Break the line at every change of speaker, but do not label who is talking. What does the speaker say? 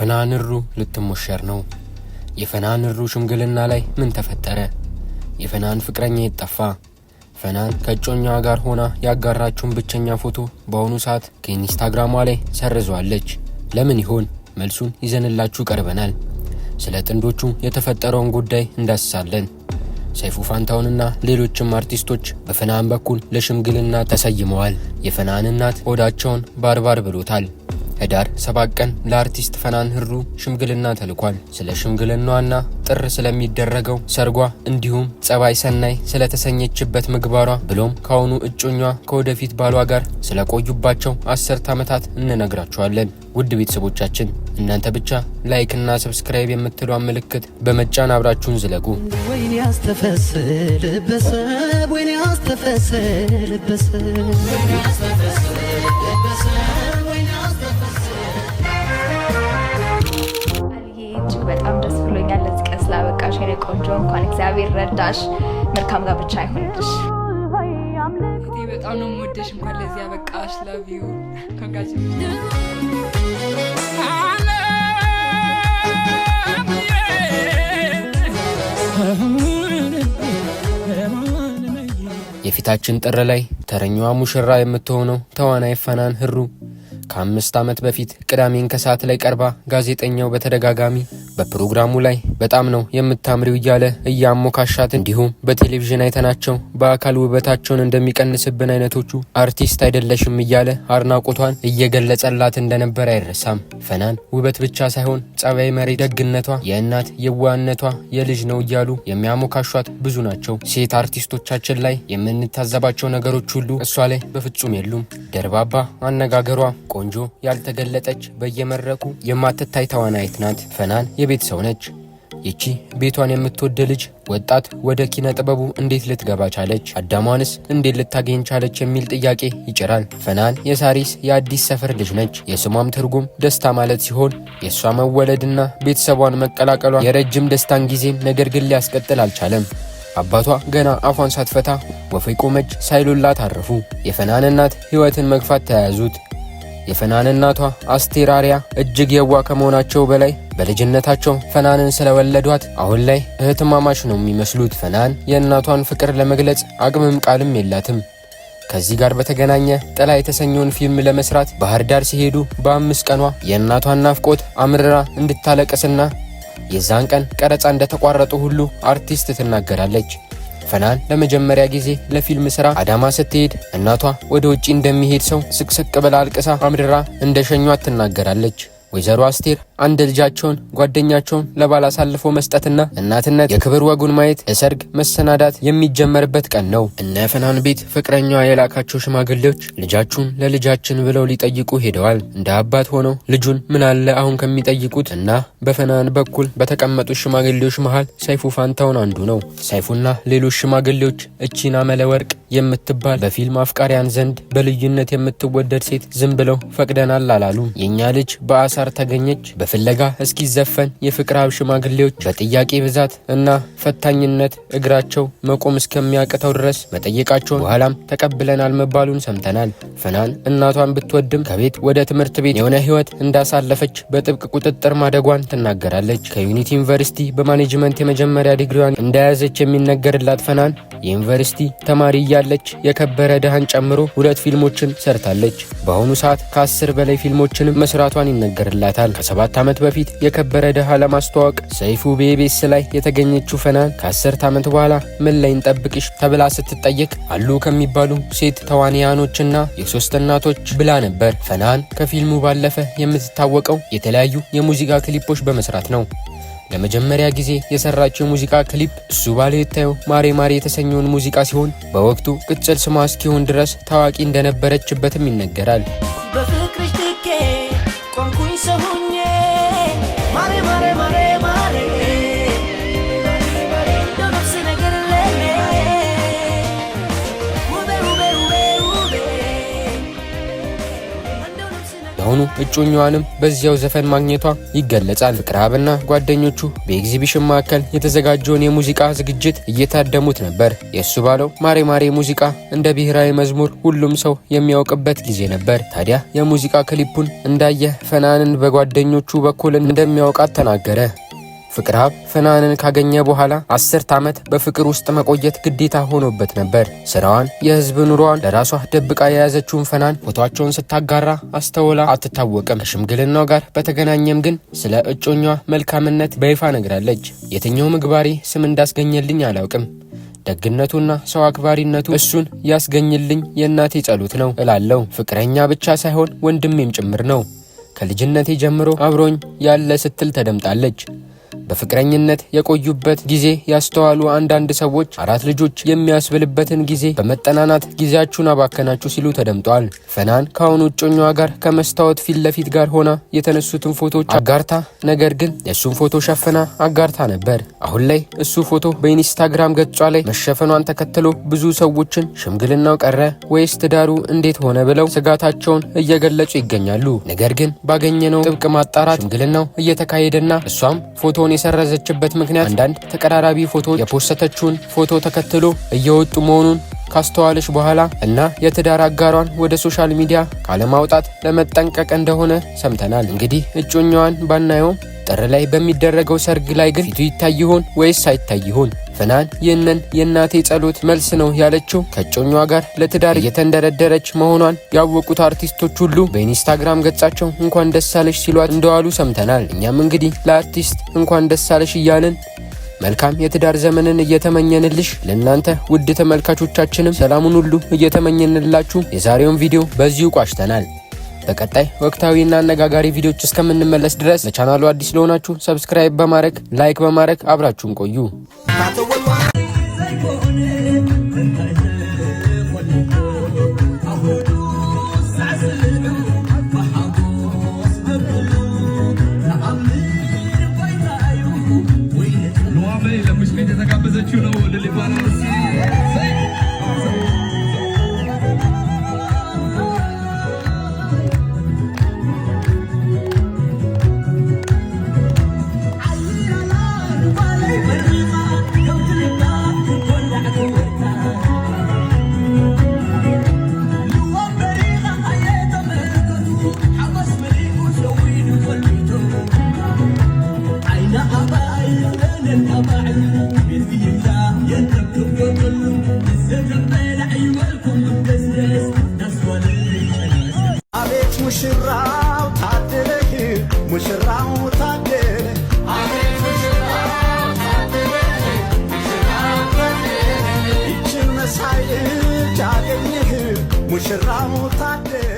ፈናንሩ ልትሞሸር ነው። የፈናንሩ ሽምግልና ላይ ምን ተፈጠረ? የፈናን ፍቅረኛ የጠፋ ፈናን ከእጮኛዋ ጋር ሆና ያጋራችውን ብቸኛ ፎቶ በአሁኑ ሰዓት ከኢንስታግራሟ ላይ ሰርዟለች። ለምን ይሆን? መልሱን ይዘንላችሁ ቀርበናል። ስለ ጥንዶቹ የተፈጠረውን ጉዳይ እንዳስሳለን። ሰይፉ ፋንታውንና ሌሎችም አርቲስቶች በፈናን በኩል ለሽምግልና ተሰይመዋል። የፈናን እናት ሆዳቸውን ባርባር ብሎታል። ህዳር 7 ቀን ለአርቲስት ፈናን ህሩ ሽምግልና ተልኳል። ስለ ሽምግልናዋና ጥር ስለሚደረገው ሰርጓ እንዲሁም ጸባይ ሰናይ ስለተሰኘችበት ምግባሯ ብሎም ከአሁኑ እጮኛ ከወደፊት ባሏ ጋር ስለቆዩባቸው አስርት ዓመታት እንነግራችኋለን። ውድ ቤተሰቦቻችን እናንተ ብቻ ላይክ እና ሰብስክራይብ የምትሏን ምልክት በመጫን አብራችሁን ዝለቁ። ወይኔ አስተፈስልበሰብ ወይኔ አስተፈስልበሰብ ቆንጆ፣ እንኳን እግዚአብሔር ረዳሽ። መልካም ጋብቻ ይሁንልሽ። በጣም ነው የምወደሽ። እንኳን ለዚህ ያበቃሽ። ላቭ ዩ የፊታችን ጥር ላይ ተረኛዋ ሙሽራ የምትሆነው ተዋናይ ፈናን ህሩ ከአምስት ዓመት በፊት ቅዳሜን ከሰዓት ላይ ቀርባ ጋዜጠኛው በተደጋጋሚ በፕሮግራሙ ላይ በጣም ነው የምታምሪው እያለ እያሞካሻት፣ እንዲሁም በቴሌቪዥን አይተናቸው በአካል ውበታቸውን እንደሚቀንስብን አይነቶቹ አርቲስት አይደለሽም እያለ አድናቆቷን እየገለጸላት እንደነበር አይረሳም። ፈናን ውበት ብቻ ሳይሆን ጸባይ፣ መሪ፣ ደግነቷ፣ የእናት የዋህነቷ የልጅ ነው እያሉ የሚያሞካሿት ብዙ ናቸው። ሴት አርቲስቶቻችን ላይ የምንታዘባቸው ነገሮች ሁሉ እሷ ላይ በፍጹም የሉም። ደርባባ አነጋገሯ፣ ቆንጆ ያልተገለጠች በየመድረኩ የማትታይ ተዋናይት ናት። ፈናን የቤት ሰው ነች። ይቺ ቤቷን የምትወደ ልጅ ወጣት ወደ ኪነ ጥበቡ እንዴት ልትገባ ቻለች? አዳሟንስ እንዴት ልታገኝ ቻለች? የሚል ጥያቄ ይጭራል። ፈናን የሳሪስ የአዲስ ሰፈር ልጅ ነች። የስሟም ትርጉም ደስታ ማለት ሲሆን የእሷ መወለድና ቤተሰቧን መቀላቀሏ የረጅም ደስታን ጊዜም ነገር ግን ሊያስቀጥል አልቻለም። አባቷ ገና አፏን ሳትፈታ ወፌ ቆመች ሳይሉላት አረፉ። የፈናን እናት ሕይወትን መግፋት ተያያዙት። የፈናን እናቷ አስቴር እጅግ የዋ ከመሆናቸው በላይ በልጅነታቸው ፈናንን ስለወለዷት አሁን ላይ እህትማማች ነው የሚመስሉት። ፈናን የእናቷን ፍቅር ለመግለጽ አቅምም ቃልም የላትም። ከዚህ ጋር በተገናኘ ጥላ የተሰኘውን ፊልም ለመስራት ባህር ዳር ሲሄዱ በአምስት ቀኗ የእናቷን ናፍቆት አምርራ እንድታለቅስና የዛን ቀን ቀረጻ እንደተቋረጡ ሁሉ አርቲስት ትናገራለች። ፈናን ለመጀመሪያ ጊዜ ለፊልም ስራ አዳማ ስትሄድ እናቷ ወደ ውጪ እንደሚሄድ ሰው ስቅስቅ ብላ አልቅሳ አምድራ እንደሸኟት ትናገራለች። ወይዘሮ አስቴር አንድ ልጃቸውን ጓደኛቸውን ለባል አሳልፎ መስጠትና እናትነት የክብር ወጉን ማየት ለሰርግ መሰናዳት የሚጀመርበት ቀን ነው። እነ ፍናን ቤት ፍቅረኛዋ የላካቸው ሽማግሌዎች ልጃችሁን ለልጃችን ብለው ሊጠይቁ ሄደዋል። እንደ አባት ሆነው ልጁን ምናለ አሁን ከሚጠይቁት እና በፍናን በኩል በተቀመጡ ሽማግሌዎች መሃል ሰይፉ ፋንታውን አንዱ ነው። ሰይፉና ሌሎች ሽማግሌዎች እቺን አመለ ወርቅ የምትባል በፊልም አፍቃሪያን ዘንድ በልዩነት የምትወደድ ሴት ዝም ብለው ፈቅደናል አላሉ። የእኛ ልጅ በአሳ ሳር ተገኘች በፍለጋ እስኪዘፈን የፍቅራብ ሽማግሌዎች በጥያቄ ብዛት እና ፈታኝነት እግራቸው መቆም እስከሚያቅተው ድረስ መጠየቃቸውን በኋላም ተቀብለናል መባሉን ሰምተናል። ፍናን እናቷን ብትወድም ከቤት ወደ ትምህርት ቤት የሆነ ህይወት እንዳሳለፈች በጥብቅ ቁጥጥር ማደጓን ትናገራለች። ከዩኒቲ ዩኒቨርሲቲ በማኔጅመንት የመጀመሪያ ዲግሪዋን እንደያዘች የሚነገርላት ፈናን የዩኒቨርሲቲ ተማሪ እያለች የከበረ ድሃን ጨምሮ ሁለት ፊልሞችን ሰርታለች። በአሁኑ ሰዓት ከአስር በላይ ፊልሞችንም መስራቷን ይነገራል። ይፈቅድላታል። ከሰባት ዓመት በፊት የከበረ ድሃ ለማስተዋወቅ ሰይፉ በኢቢኤስ ላይ የተገኘችው ፈናን ከአስርት ዓመት በኋላ ምን ላይ እንጠብቅሽ ተብላ ስትጠየቅ አሉ ከሚባሉ ሴት ተዋንያኖችና የሶስት እናቶች ብላ ነበር። ፈናን ከፊልሙ ባለፈ የምትታወቀው የተለያዩ የሙዚቃ ክሊፖች በመስራት ነው። ለመጀመሪያ ጊዜ የሰራችው የሙዚቃ ክሊፕ እሱ ባለ የታየው ማሬ ማሬ የተሰኘውን ሙዚቃ ሲሆን በወቅቱ ቅጽል ስሟ እስኪሆን ድረስ ታዋቂ እንደነበረችበትም ይነገራል። so who እጮኛዋንም በዚያው ዘፈን ማግኘቷ ይገለጻል። ፍቅረአብና ጓደኞቹ በኤግዚቢሽን ማዕከል የተዘጋጀውን የሙዚቃ ዝግጅት እየታደሙት ነበር። የእሱ ባለው ማሬ ማሬ ሙዚቃ እንደ ብሔራዊ መዝሙር ሁሉም ሰው የሚያውቅበት ጊዜ ነበር። ታዲያ የሙዚቃ ክሊፑን እንዳየ ፈናንን በጓደኞቹ በኩል እንደሚያውቃት ተናገረ። ፍቅር አብ ፍናንን ካገኘ በኋላ አስርት ዓመት በፍቅር ውስጥ መቆየት ግዴታ ሆኖበት ነበር። ስራዋን፣ የህዝብ ኑሮዋን ለራሷ ደብቃ የያዘችውን ፈናን ፎቶቸውን ስታጋራ አስተውላ አትታወቅም። ከሽምግልናው ጋር በተገናኘም ግን ስለ እጮኛ መልካምነት በይፋ ነግራለች። የትኛው ምግባሬ ስም እንዳስገኘልኝ አላውቅም ደግነቱና ሰው አክባሪነቱ እሱን ያስገኝልኝ የእናቴ ጸሎት ነው እላለው። ፍቅረኛ ብቻ ሳይሆን ወንድሜም ጭምር ነው። ከልጅነቴ ጀምሮ አብሮኝ ያለ ስትል ተደምጣለች። በፍቅረኝነት የቆዩበት ጊዜ ያስተዋሉ አንዳንድ ሰዎች አራት ልጆች የሚያስብልበትን ጊዜ በመጠናናት ጊዜያችሁን አባከናችሁ ሲሉ ተደምጧል። ፈናን ከአሁኑ እጮኛዋ ጋር ከመስታወት ፊት ለፊት ጋር ሆና የተነሱትን ፎቶች አጋርታ፣ ነገር ግን የእሱን ፎቶ ሸፍና አጋርታ ነበር። አሁን ላይ እሱ ፎቶ በኢንስታግራም ገጿ ላይ መሸፈኗን ተከትሎ ብዙ ሰዎችን ሽምግልናው ቀረ ወይስ ትዳሩ እንዴት ሆነ ብለው ስጋታቸውን እየገለጹ ይገኛሉ። ነገር ግን ባገኘነው ጥብቅ ማጣራት ሽምግልናው እየተካሄደና እሷም ፎቶን የሰረዘችበት ምክንያት አንዳንድ ተቀራራቢ ፎቶ የፖሰተችውን ፎቶ ተከትሎ እየወጡ መሆኑን ካስተዋለች በኋላ እና የትዳር አጋሯን ወደ ሶሻል ሚዲያ ካለማውጣት ለመጠንቀቅ እንደሆነ ሰምተናል። እንግዲህ እጮኛዋን ባናየውም ጥር ላይ በሚደረገው ሰርግ ላይ ግን ፊቱ ይታይ ይሆን ወይስ አይታይ ይሆን? ይሸፍናል። ይህንን የእናቴ ጸሎት መልስ ነው ያለችው ከእጮኟ ጋር ለትዳር እየተንደረደረች መሆኗን ያወቁት አርቲስቶች ሁሉ በኢንስታግራም ገጻቸው እንኳን ደሳለሽ ሲሏት እንደዋሉ ሰምተናል። እኛም እንግዲህ ለአርቲስት እንኳን ደሳለሽ እያልን መልካም የትዳር ዘመንን እየተመኘንልሽ ለእናንተ ውድ ተመልካቾቻችንም ሰላሙን ሁሉ እየተመኘንላችሁ የዛሬውን ቪዲዮ በዚሁ ቋጭተናል። በቀጣይ ወቅታዊና አነጋጋሪ ቪዲዮዎች እስከምንመለስ ድረስ ለቻናሉ አዲስ ለሆናችሁ ሰብስክራይብ በማድረግ ላይክ በማድረግ አብራችሁን ቆዩ። pone ሙሽራው ታደለህ ሙሽራው ታደለ ይችን መሳይ ልጅ አገኘህ ሙሽራው ታደለ